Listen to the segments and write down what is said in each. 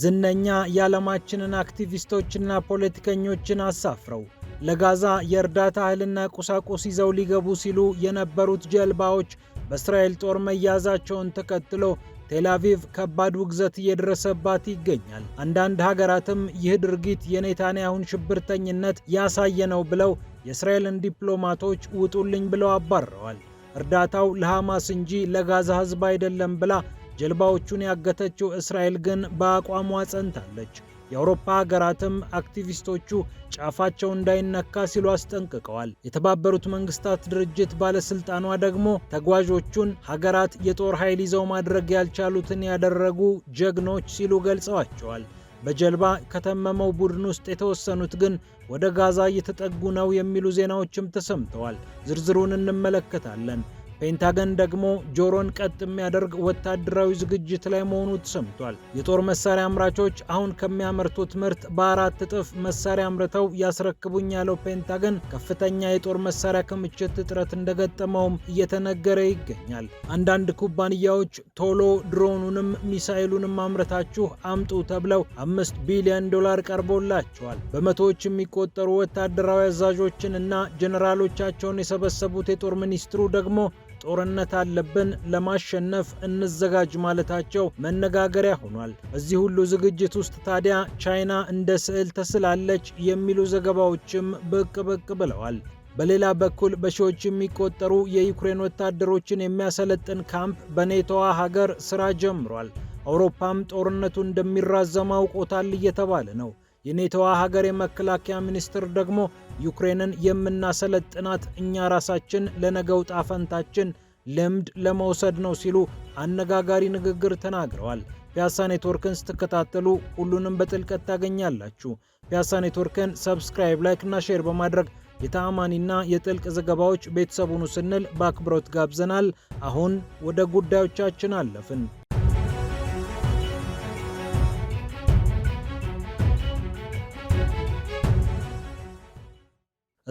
ዝነኛ የዓለማችንን አክቲቪስቶችና ፖለቲከኞችን አሳፍረው ለጋዛ የእርዳታ እህልና ቁሳቁስ ይዘው ሊገቡ ሲሉ የነበሩት ጀልባዎች በእስራኤል ጦር መያዛቸውን ተከትሎ ቴል አቪቭ ከባድ ውግዘት እየደረሰባት ይገኛል። አንዳንድ ሀገራትም ይህ ድርጊት የኔታንያሁን ሽብርተኝነት ያሳየ ነው ብለው የእስራኤልን ዲፕሎማቶች ውጡልኝ ብለው አባረዋል። እርዳታው ለሐማስ እንጂ ለጋዛ ሕዝብ አይደለም ብላ ጀልባዎቹን ያገተችው እስራኤል ግን በአቋሟ ጸንታለች። የአውሮፓ ሀገራትም አክቲቪስቶቹ ጫፋቸው እንዳይነካ ሲሉ አስጠንቅቀዋል። የተባበሩት መንግስታት ድርጅት ባለስልጣኗ ደግሞ ተጓዦቹን ሀገራት የጦር ኃይል ይዘው ማድረግ ያልቻሉትን ያደረጉ ጀግኖች ሲሉ ገልጸዋቸዋል። በጀልባ ከተመመው ቡድን ውስጥ የተወሰኑት ግን ወደ ጋዛ እየተጠጉ ነው የሚሉ ዜናዎችም ተሰምተዋል። ዝርዝሩን እንመለከታለን። ፔንታገን ደግሞ ጆሮን ቀጥ የሚያደርግ ወታደራዊ ዝግጅት ላይ መሆኑ ተሰምቷል። የጦር መሳሪያ አምራቾች አሁን ከሚያመርቱት ምርት በአራት እጥፍ መሳሪያ አምርተው ያስረክቡኝ ያለው ፔንታገን ከፍተኛ የጦር መሳሪያ ክምችት እጥረት እንደገጠመውም እየተነገረ ይገኛል። አንዳንድ ኩባንያዎች ቶሎ ድሮኑንም ሚሳኤሉንም አምርታችሁ አምጡ ተብለው አምስት ቢሊዮን ዶላር ቀርቦላቸዋል። በመቶዎች የሚቆጠሩ ወታደራዊ አዛዦችን እና ጀኔራሎቻቸውን የሰበሰቡት የጦር ሚኒስትሩ ደግሞ ጦርነት አለብን፣ ለማሸነፍ እንዘጋጅ ማለታቸው መነጋገሪያ ሆኗል። በዚህ ሁሉ ዝግጅት ውስጥ ታዲያ ቻይና እንደ ስዕል ተስላለች የሚሉ ዘገባዎችም ብቅ ብቅ ብለዋል። በሌላ በኩል በሺዎች የሚቆጠሩ የዩክሬን ወታደሮችን የሚያሰለጥን ካምፕ በኔቶዋ ሀገር ስራ ጀምሯል። አውሮፓም ጦርነቱ እንደሚራዘም አውቆታል እየተባለ ነው። የኔቶዋ ሀገር የመከላከያ ሚኒስትር ደግሞ ዩክሬንን የምናሰለጥናት እኛ ራሳችን ለነገው ጣፈንታችን ልምድ ለመውሰድ ነው ሲሉ አነጋጋሪ ንግግር ተናግረዋል። ፒያሳ ኔትወርክን ስትከታተሉ ሁሉንም በጥልቀት ታገኛላችሁ። ፒያሳ ኔትወርክን ሰብስክራይብ፣ ላይክ እና ሼር በማድረግ የተአማኒና የጥልቅ ዘገባዎች ቤተሰቡን ስንል በአክብሮት ጋብዘናል። አሁን ወደ ጉዳዮቻችን አለፍን።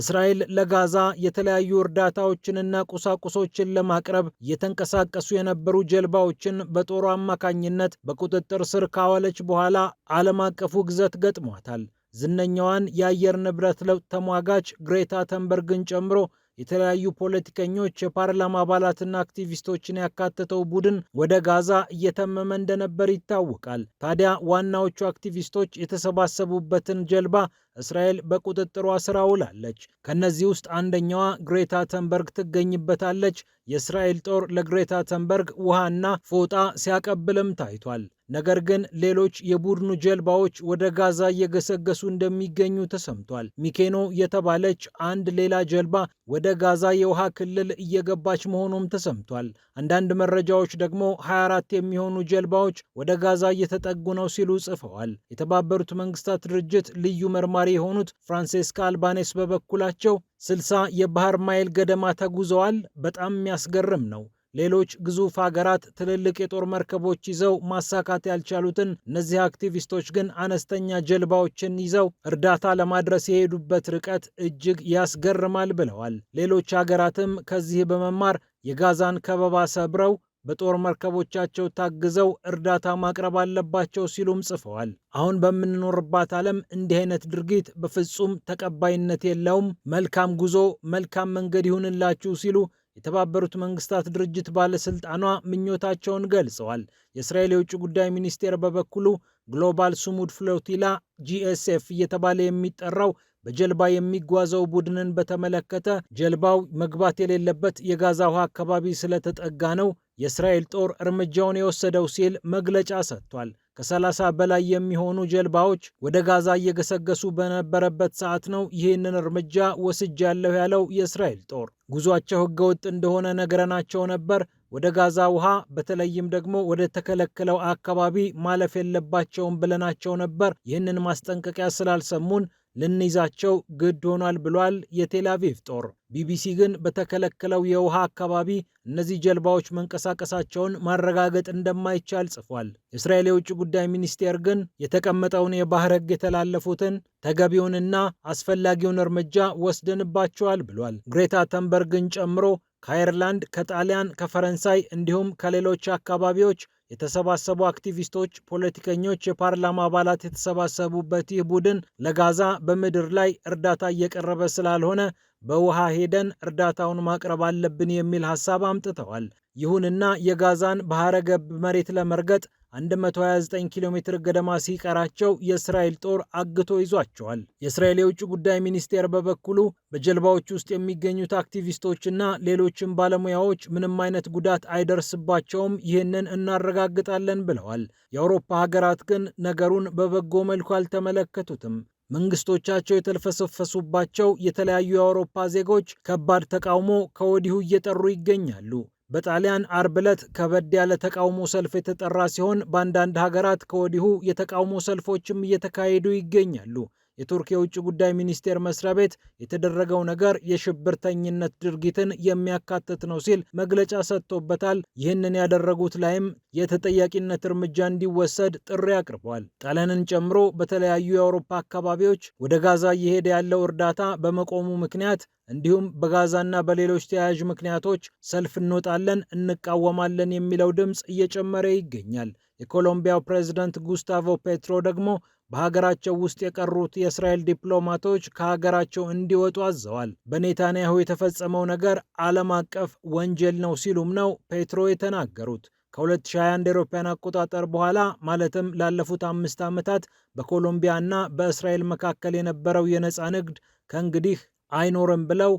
እስራኤል ለጋዛ የተለያዩ እርዳታዎችንና ቁሳቁሶችን ለማቅረብ እየተንቀሳቀሱ የነበሩ ጀልባዎችን በጦሩ አማካኝነት በቁጥጥር ስር ካዋለች በኋላ ዓለም አቀፉ ግዘት ገጥሟታል። ዝነኛዋን የአየር ንብረት ለውጥ ተሟጋች ግሬታ ተንበርግን ጨምሮ የተለያዩ ፖለቲከኞች፣ የፓርላማ አባላትና አክቲቪስቶችን ያካተተው ቡድን ወደ ጋዛ እየተመመ እንደነበር ይታወቃል። ታዲያ ዋናዎቹ አክቲቪስቶች የተሰባሰቡበትን ጀልባ እስራኤል በቁጥጥሯ ስር ውላለች። ከእነዚህ ውስጥ አንደኛዋ ግሬታ ተንበርግ ትገኝበታለች። የእስራኤል ጦር ለግሬታ ተንበርግ ውሃና ፎጣ ሲያቀብልም ታይቷል። ነገር ግን ሌሎች የቡድኑ ጀልባዎች ወደ ጋዛ እየገሰገሱ እንደሚገኙ ተሰምቷል። ሚኬኖ የተባለች አንድ ሌላ ጀልባ ወደ ጋዛ የውሃ ክልል እየገባች መሆኑም ተሰምቷል። አንዳንድ መረጃዎች ደግሞ 24 የሚሆኑ ጀልባዎች ወደ ጋዛ እየተጠጉ ነው ሲሉ ጽፈዋል። የተባበሩት መንግስታት ድርጅት ልዩ መርማ ተባባሪ የሆኑት ፍራንሴስካ አልባኔስ በበኩላቸው ስልሳ የባህር ማይል ገደማ ተጉዘዋል። በጣም የሚያስገርም ነው። ሌሎች ግዙፍ ሀገራት ትልልቅ የጦር መርከቦች ይዘው ማሳካት ያልቻሉትን እነዚህ አክቲቪስቶች ግን አነስተኛ ጀልባዎችን ይዘው እርዳታ ለማድረስ የሄዱበት ርቀት እጅግ ያስገርማል ብለዋል። ሌሎች ሀገራትም ከዚህ በመማር የጋዛን ከበባ ሰብረው በጦር መርከቦቻቸው ታግዘው እርዳታ ማቅረብ አለባቸው ሲሉም ጽፈዋል። አሁን በምንኖርባት ዓለም እንዲህ አይነት ድርጊት በፍጹም ተቀባይነት የለውም። መልካም ጉዞ፣ መልካም መንገድ ይሁንላችሁ ሲሉ የተባበሩት መንግስታት ድርጅት ባለስልጣኗ ምኞታቸውን ገልጸዋል። የእስራኤል የውጭ ጉዳይ ሚኒስቴር በበኩሉ ግሎባል ሱሙድ ፍሎቲላ ጂኤስኤፍ እየተባለ የሚጠራው በጀልባ የሚጓዘው ቡድንን በተመለከተ ጀልባው መግባት የሌለበት የጋዛ ውሃ አካባቢ ስለተጠጋ ነው የእስራኤል ጦር እርምጃውን የወሰደው ሲል መግለጫ ሰጥቷል። ከ30 በላይ የሚሆኑ ጀልባዎች ወደ ጋዛ እየገሰገሱ በነበረበት ሰዓት ነው ይህንን እርምጃ ወስጃለሁ ያለው የእስራኤል ጦር። ጉዟቸው ህገወጥ እንደሆነ ነግረናቸው ነበር ወደ ጋዛ ውሃ በተለይም ደግሞ ወደ ተከለከለው አካባቢ ማለፍ የለባቸውም ብለናቸው ነበር። ይህንን ማስጠንቀቂያ ስላልሰሙን ልንይዛቸው ግድ ሆኗል ብሏል የቴል አቪቭ ጦር። ቢቢሲ ግን በተከለከለው የውሃ አካባቢ እነዚህ ጀልባዎች መንቀሳቀሳቸውን ማረጋገጥ እንደማይቻል ጽፏል። የእስራኤል የውጭ ጉዳይ ሚኒስቴር ግን የተቀመጠውን የባህር ሕግ የተላለፉትን ተገቢውንና አስፈላጊውን እርምጃ ወስደንባቸዋል ብሏል። ግሬታ ተንበርግን ጨምሮ ከአይርላንድ፣ ከጣሊያን፣ ከፈረንሳይ እንዲሁም ከሌሎች አካባቢዎች የተሰባሰቡ አክቲቪስቶች፣ ፖለቲከኞች፣ የፓርላማ አባላት የተሰባሰቡበት ይህ ቡድን ለጋዛ በምድር ላይ እርዳታ እየቀረበ ስላልሆነ በውሃ ሄደን እርዳታውን ማቅረብ አለብን የሚል ሀሳብ አምጥተዋል። ይሁንና የጋዛን ባህረ ገብ መሬት ለመርገጥ 129 ኪሎ ሜትር ገደማ ሲቀራቸው የእስራኤል ጦር አግቶ ይዟቸዋል። የእስራኤል የውጭ ጉዳይ ሚኒስቴር በበኩሉ በጀልባዎች ውስጥ የሚገኙት አክቲቪስቶችና ሌሎችም ባለሙያዎች ምንም አይነት ጉዳት አይደርስባቸውም፣ ይህንን እናረጋግጣለን ብለዋል። የአውሮፓ ሀገራት ግን ነገሩን በበጎ መልኩ አልተመለከቱትም። መንግስቶቻቸው የተልፈሰፈሱባቸው የተለያዩ የአውሮፓ ዜጎች ከባድ ተቃውሞ ከወዲሁ እየጠሩ ይገኛሉ። በጣሊያን አርብ ዕለት ከበድ ያለ ተቃውሞ ሰልፍ የተጠራ ሲሆን በአንዳንድ ሀገራት ከወዲሁ የተቃውሞ ሰልፎችም እየተካሄዱ ይገኛሉ። የቱርክ የውጭ ጉዳይ ሚኒስቴር መስሪያ ቤት የተደረገው ነገር የሽብርተኝነት ድርጊትን የሚያካትት ነው ሲል መግለጫ ሰጥቶበታል። ይህንን ያደረጉት ላይም የተጠያቂነት እርምጃ እንዲወሰድ ጥሪ አቅርቧል። ጣሊያንን ጨምሮ በተለያዩ የአውሮፓ አካባቢዎች ወደ ጋዛ እየሄደ ያለው እርዳታ በመቆሙ ምክንያት እንዲሁም በጋዛና በሌሎች ተያያዥ ምክንያቶች ሰልፍ እንወጣለን፣ እንቃወማለን የሚለው ድምፅ እየጨመረ ይገኛል። የኮሎምቢያው ፕሬዝዳንት ጉስታቮ ፔትሮ ደግሞ በሀገራቸው ውስጥ የቀሩት የእስራኤል ዲፕሎማቶች ከሀገራቸው እንዲወጡ አዘዋል። በኔታንያሁ የተፈጸመው ነገር ዓለም አቀፍ ወንጀል ነው ሲሉም ነው ፔትሮ የተናገሩት። ከ2021 አውሮፓውያን አቆጣጠር በኋላ ማለትም ላለፉት አምስት ዓመታት በኮሎምቢያ እና በእስራኤል መካከል የነበረው የነፃ ንግድ ከእንግዲህ አይኖርም ብለው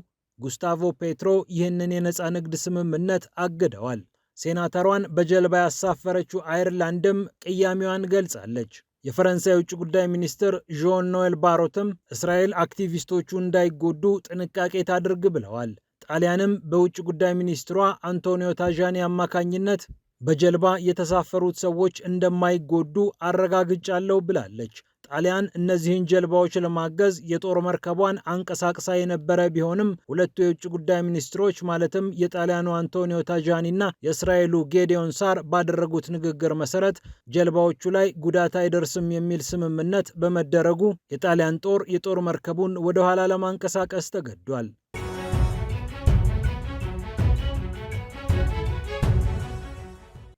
ጉስታቮ ፔትሮ ይህንን የነፃ ንግድ ስምምነት አግደዋል። ሴናተሯን በጀልባ ያሳፈረችው አይርላንድም ቅያሜዋን ገልጻለች። የፈረንሳይ ውጭ ጉዳይ ሚኒስትር ዦን ኖኤል ባሮትም እስራኤል አክቲቪስቶቹ እንዳይጎዱ ጥንቃቄ ታድርግ ብለዋል። ጣሊያንም በውጭ ጉዳይ ሚኒስትሯ አንቶኒዮ ታዣኒ አማካኝነት በጀልባ የተሳፈሩት ሰዎች እንደማይጎዱ አረጋግጫለሁ ብላለች። ጣሊያን እነዚህን ጀልባዎች ለማገዝ የጦር መርከቧን አንቀሳቅሳ የነበረ ቢሆንም ሁለቱ የውጭ ጉዳይ ሚኒስትሮች ማለትም የጣሊያኑ አንቶኒዮ ታጃኒ እና የእስራኤሉ ጌዲዮን ሳር ባደረጉት ንግግር መሰረት ጀልባዎቹ ላይ ጉዳት አይደርስም የሚል ስምምነት በመደረጉ የጣሊያን ጦር የጦር መርከቡን ወደ ኋላ ለማንቀሳቀስ ተገዷል።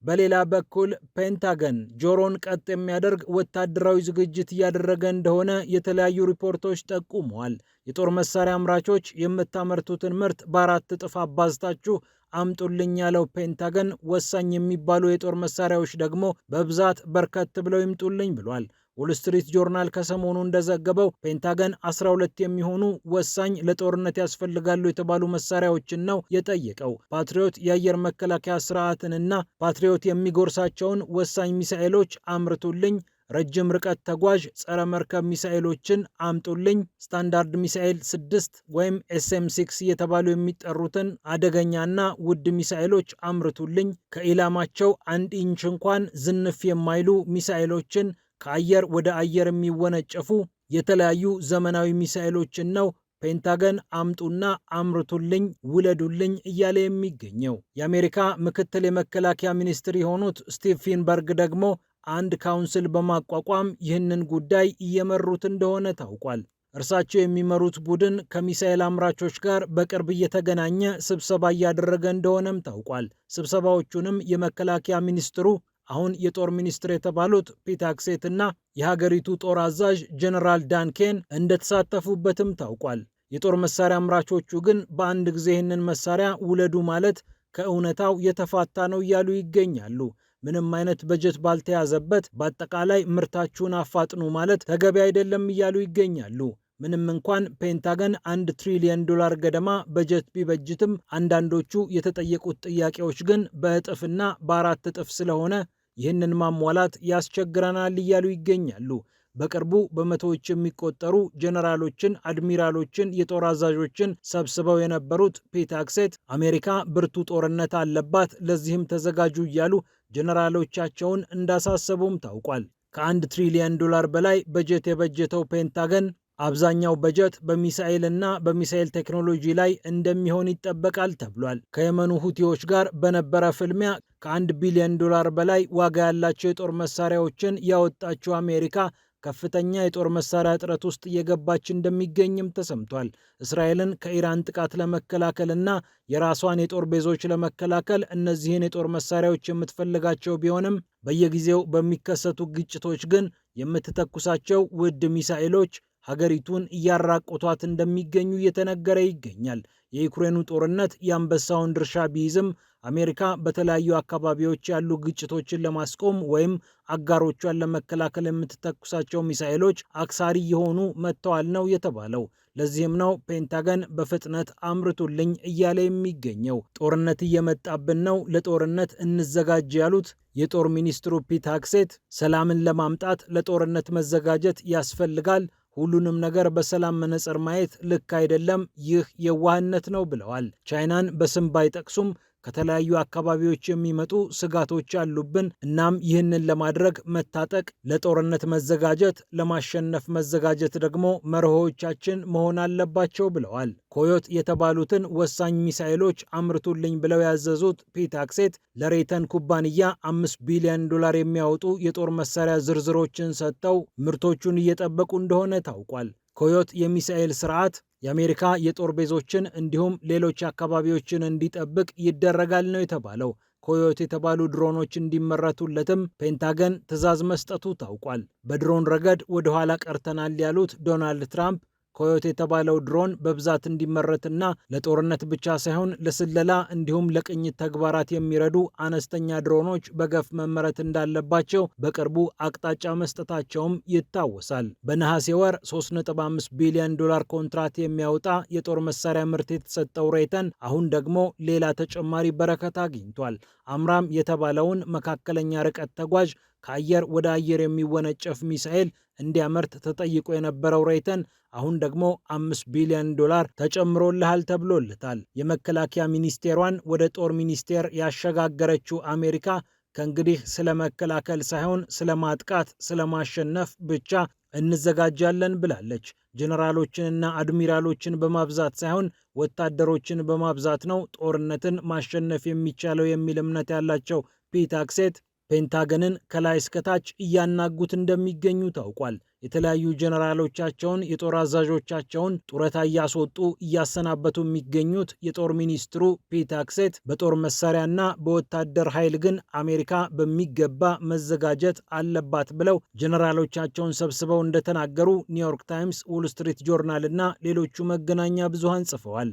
በሌላ በኩል ፔንታገን ጆሮን ቀጥ የሚያደርግ ወታደራዊ ዝግጅት እያደረገ እንደሆነ የተለያዩ ሪፖርቶች ጠቁመዋል። የጦር መሳሪያ አምራቾች የምታመርቱትን ምርት በአራት እጥፍ አባዝታችሁ አምጡልኝ ያለው ፔንታገን ወሳኝ የሚባሉ የጦር መሳሪያዎች ደግሞ በብዛት በርከት ብለው ይምጡልኝ ብሏል። ስትሪት ጆርናል ከሰሞኑ እንደዘገበው ፔንታገን 12 የሚሆኑ ወሳኝ ለጦርነት ያስፈልጋሉ የተባሉ መሳሪያዎችን ነው የጠየቀው። ፓትሪዮት የአየር መከላከያ ስርዓትንና ፓትሪዮት የሚጎርሳቸውን ወሳኝ ሚሳኤሎች አምርቱልኝ ረጅም ርቀት ተጓዥ ጸረ መርከብ ሚሳኤሎችን አምጡልኝ፣ ስታንዳርድ ሚሳኤል 6 ወይም ኤስኤም 6 እየተባሉ የሚጠሩትን አደገኛና ውድ ሚሳኤሎች አምርቱልኝ፣ ከኢላማቸው አንድ ኢንች እንኳን ዝንፍ የማይሉ ሚሳኤሎችን ከአየር ወደ አየር የሚወነጨፉ የተለያዩ ዘመናዊ ሚሳኤሎችን ነው ፔንታገን አምጡና አምርቱልኝ ውለዱልኝ እያለ የሚገኘው። የአሜሪካ ምክትል የመከላከያ ሚኒስትር የሆኑት ስቲቭ ፊንበርግ ደግሞ አንድ ካውንስል በማቋቋም ይህንን ጉዳይ እየመሩት እንደሆነ ታውቋል። እርሳቸው የሚመሩት ቡድን ከሚሳኤል አምራቾች ጋር በቅርብ እየተገናኘ ስብሰባ እያደረገ እንደሆነም ታውቋል። ስብሰባዎቹንም የመከላከያ ሚኒስትሩ አሁን የጦር ሚኒስትር የተባሉት ፒታክሴት እና የሀገሪቱ ጦር አዛዥ ጀነራል ዳን ኬን እንደተሳተፉበትም ታውቋል። የጦር መሳሪያ አምራቾቹ ግን በአንድ ጊዜ ይህንን መሳሪያ ውለዱ ማለት ከእውነታው የተፋታ ነው እያሉ ይገኛሉ። ምንም አይነት በጀት ባልተያዘበት በአጠቃላይ ምርታችሁን አፋጥኑ ማለት ተገቢ አይደለም እያሉ ይገኛሉ። ምንም እንኳን ፔንታገን አንድ ትሪሊየን ዶላር ገደማ በጀት ቢበጅትም አንዳንዶቹ የተጠየቁት ጥያቄዎች ግን በእጥፍና በአራት እጥፍ ስለሆነ ይህንን ማሟላት ያስቸግረናል እያሉ ይገኛሉ። በቅርቡ በመቶዎች የሚቆጠሩ ጀነራሎችን፣ አድሚራሎችን፣ የጦር አዛዦችን ሰብስበው የነበሩት ፒታክሴት አሜሪካ ብርቱ ጦርነት አለባት፣ ለዚህም ተዘጋጁ እያሉ ጀነራሎቻቸውን እንዳሳሰቡም ታውቋል። ከአንድ ትሪሊየን ዶላር በላይ በጀት የበጀተው ፔንታገን አብዛኛው በጀት በሚሳኤል እና በሚሳኤል ቴክኖሎጂ ላይ እንደሚሆን ይጠበቃል ተብሏል። ከየመኑ ሁቲዎች ጋር በነበረ ፍልሚያ ከአንድ ቢሊዮን ዶላር በላይ ዋጋ ያላቸው የጦር መሳሪያዎችን ያወጣችው አሜሪካ ከፍተኛ የጦር መሳሪያ እጥረት ውስጥ እየገባች እንደሚገኝም ተሰምቷል። እስራኤልን ከኢራን ጥቃት ለመከላከልና የራሷን የጦር ቤዞች ለመከላከል እነዚህን የጦር መሳሪያዎች የምትፈልጋቸው ቢሆንም በየጊዜው በሚከሰቱ ግጭቶች ግን የምትተኩሳቸው ውድ ሚሳኤሎች ሀገሪቱን እያራቆቷት እንደሚገኙ እየተነገረ ይገኛል። የዩክሬኑ ጦርነት የአንበሳውን ድርሻ ቢይዝም አሜሪካ በተለያዩ አካባቢዎች ያሉ ግጭቶችን ለማስቆም ወይም አጋሮቿን ለመከላከል የምትተኩሳቸው ሚሳኤሎች አክሳሪ የሆኑ መጥተዋል ነው የተባለው። ለዚህም ነው ፔንታገን በፍጥነት አምርቱልኝ እያለ የሚገኘው። ጦርነት እየመጣብን ነው፣ ለጦርነት እንዘጋጅ ያሉት የጦር ሚኒስትሩ ፒት ሄግሴት ሰላምን ለማምጣት ለጦርነት መዘጋጀት ያስፈልጋል ሁሉንም ነገር በሰላም መነጽር ማየት ልክ አይደለም፣ ይህ የዋህነት ነው ብለዋል። ቻይናን በስም ባይጠቅሱም ከተለያዩ አካባቢዎች የሚመጡ ስጋቶች አሉብን። እናም ይህንን ለማድረግ መታጠቅ፣ ለጦርነት መዘጋጀት፣ ለማሸነፍ መዘጋጀት ደግሞ መርሆዎቻችን መሆን አለባቸው ብለዋል። ኮዮት የተባሉትን ወሳኝ ሚሳይሎች አምርቱልኝ ብለው ያዘዙት ፒት አክሴት ለሬተን ኩባንያ አምስት ቢሊዮን ዶላር የሚያወጡ የጦር መሳሪያ ዝርዝሮችን ሰጥተው ምርቶቹን እየጠበቁ እንደሆነ ታውቋል። ኮዮት የሚሳኤል ስርዓት የአሜሪካ የጦር ቤዞችን እንዲሁም ሌሎች አካባቢዎችን እንዲጠብቅ ይደረጋል ነው የተባለው። ኮዮት የተባሉ ድሮኖች እንዲመረቱለትም ፔንታገን ትዕዛዝ መስጠቱ ታውቋል። በድሮን ረገድ ወደ ኋላ ቀርተናል ያሉት ዶናልድ ትራምፕ ኮዮት የተባለው ድሮን በብዛት እንዲመረትና ለጦርነት ብቻ ሳይሆን ለስለላ እንዲሁም ለቅኝት ተግባራት የሚረዱ አነስተኛ ድሮኖች በገፍ መመረት እንዳለባቸው በቅርቡ አቅጣጫ መስጠታቸውም ይታወሳል። በነሐሴ ወር 3.5 ቢሊዮን ዶላር ኮንትራት የሚያወጣ የጦር መሳሪያ ምርት የተሰጠው ሬይተን አሁን ደግሞ ሌላ ተጨማሪ በረከት አግኝቷል። አምራም የተባለውን መካከለኛ ርቀት ተጓዥ ከአየር ወደ አየር የሚወነጨፍ ሚሳኤል እንዲያመርት ተጠይቆ የነበረው ሬይተን አሁን ደግሞ አምስት ቢሊዮን ዶላር ተጨምሮልሃል ተብሎለታል። የመከላከያ ሚኒስቴሯን ወደ ጦር ሚኒስቴር ያሸጋገረችው አሜሪካ ከእንግዲህ ስለ መከላከል ሳይሆን ስለ ማጥቃት፣ ስለ ማሸነፍ ብቻ እንዘጋጃለን ብላለች። ጀነራሎችንና አድሚራሎችን በማብዛት ሳይሆን ወታደሮችን በማብዛት ነው ጦርነትን ማሸነፍ የሚቻለው የሚል እምነት ያላቸው ፒታክሴት ፔንታገንን ከላይ እስከታች እያናጉት እንደሚገኙ ታውቋል። የተለያዩ ጀነራሎቻቸውን የጦር አዛዦቻቸውን ጡረታ እያስወጡ እያሰናበቱ የሚገኙት የጦር ሚኒስትሩ ፒት በጦር መሳሪያና በወታደር ኃይል ግን አሜሪካ በሚገባ መዘጋጀት አለባት ብለው ጀነራሎቻቸውን ሰብስበው እንደተናገሩ ኒውዮርክ ታይምስ፣ ዎል ስትሪት ጆርናል እና ሌሎቹ መገናኛ ብዙሃን ጽፈዋል።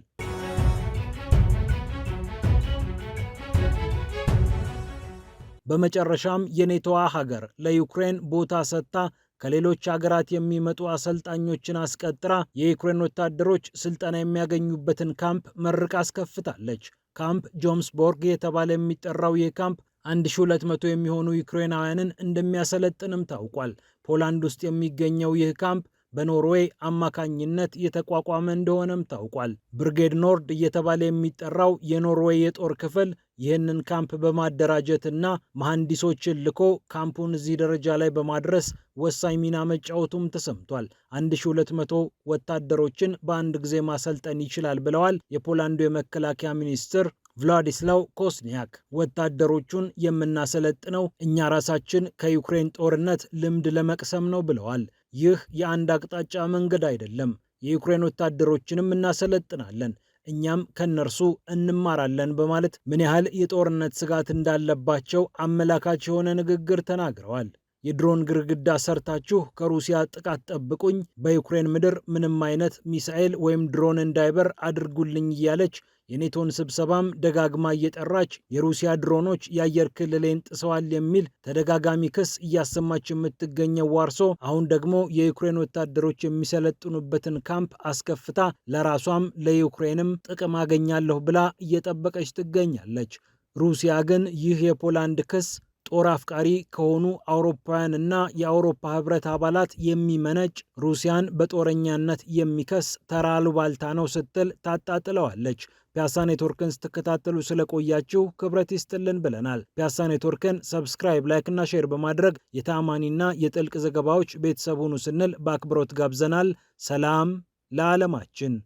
በመጨረሻም የኔቶዋ ሀገር ለዩክሬን ቦታ ሰጥታ ከሌሎች ሀገራት የሚመጡ አሰልጣኞችን አስቀጥራ የዩክሬን ወታደሮች ስልጠና የሚያገኙበትን ካምፕ መርቃ አስከፍታለች። ካምፕ ጆምስቦርግ የተባለ የሚጠራው ይህ ካምፕ 1200 የሚሆኑ ዩክሬናውያንን እንደሚያሰለጥንም ታውቋል። ፖላንድ ውስጥ የሚገኘው ይህ ካምፕ በኖርዌይ አማካኝነት የተቋቋመ እንደሆነም ታውቋል። ብርጌድ ኖርድ እየተባለ የሚጠራው የኖርዌይ የጦር ክፍል ይህንን ካምፕ በማደራጀት እና መሐንዲሶችን ልኮ ካምፑን እዚህ ደረጃ ላይ በማድረስ ወሳኝ ሚና መጫወቱም ተሰምቷል። 1200 ወታደሮችን በአንድ ጊዜ ማሰልጠን ይችላል ብለዋል የፖላንዱ የመከላከያ ሚኒስትር ቭላዲስላው ኮስኒያክ ወታደሮቹን የምናሰለጥነው እኛ ራሳችን ከዩክሬን ጦርነት ልምድ ለመቅሰም ነው ብለዋል። ይህ የአንድ አቅጣጫ መንገድ አይደለም። የዩክሬን ወታደሮችንም እናሰለጥናለን። እኛም ከነርሱ እንማራለን በማለት ምን ያህል የጦርነት ስጋት እንዳለባቸው አመላካች የሆነ ንግግር ተናግረዋል። የድሮን ግርግዳ ሰርታችሁ ከሩሲያ ጥቃት ጠብቁኝ፣ በዩክሬን ምድር ምንም አይነት ሚሳኤል ወይም ድሮን እንዳይበር አድርጉልኝ እያለች የኔቶን ስብሰባም ደጋግማ እየጠራች የሩሲያ ድሮኖች የአየር ክልሌን ጥሰዋል የሚል ተደጋጋሚ ክስ እያሰማች የምትገኘው ዋርሶ አሁን ደግሞ የዩክሬን ወታደሮች የሚሰለጥኑበትን ካምፕ አስከፍታ ለራሷም ለዩክሬንም ጥቅም አገኛለሁ ብላ እየጠበቀች ትገኛለች። ሩሲያ ግን ይህ የፖላንድ ክስ ጦር አፍቃሪ ከሆኑ አውሮፓውያን እና የአውሮፓ ህብረት አባላት የሚመነጭ ሩሲያን በጦረኛነት የሚከስ ተራ አሉባልታ ነው ስትል ታጣጥለዋለች። ፒያሳ ኔትወርክን ስትከታተሉ ስለቆያችሁ ክብረት ይስጥልን ብለናል። ፒያሳ ኔትወርክን ሰብስክራይብ፣ ላይክ ና ሼር በማድረግ የተአማኒና የጥልቅ ዘገባዎች ቤተሰብ ሁኑ ስንል በአክብሮት ጋብዘናል። ሰላም ለዓለማችን።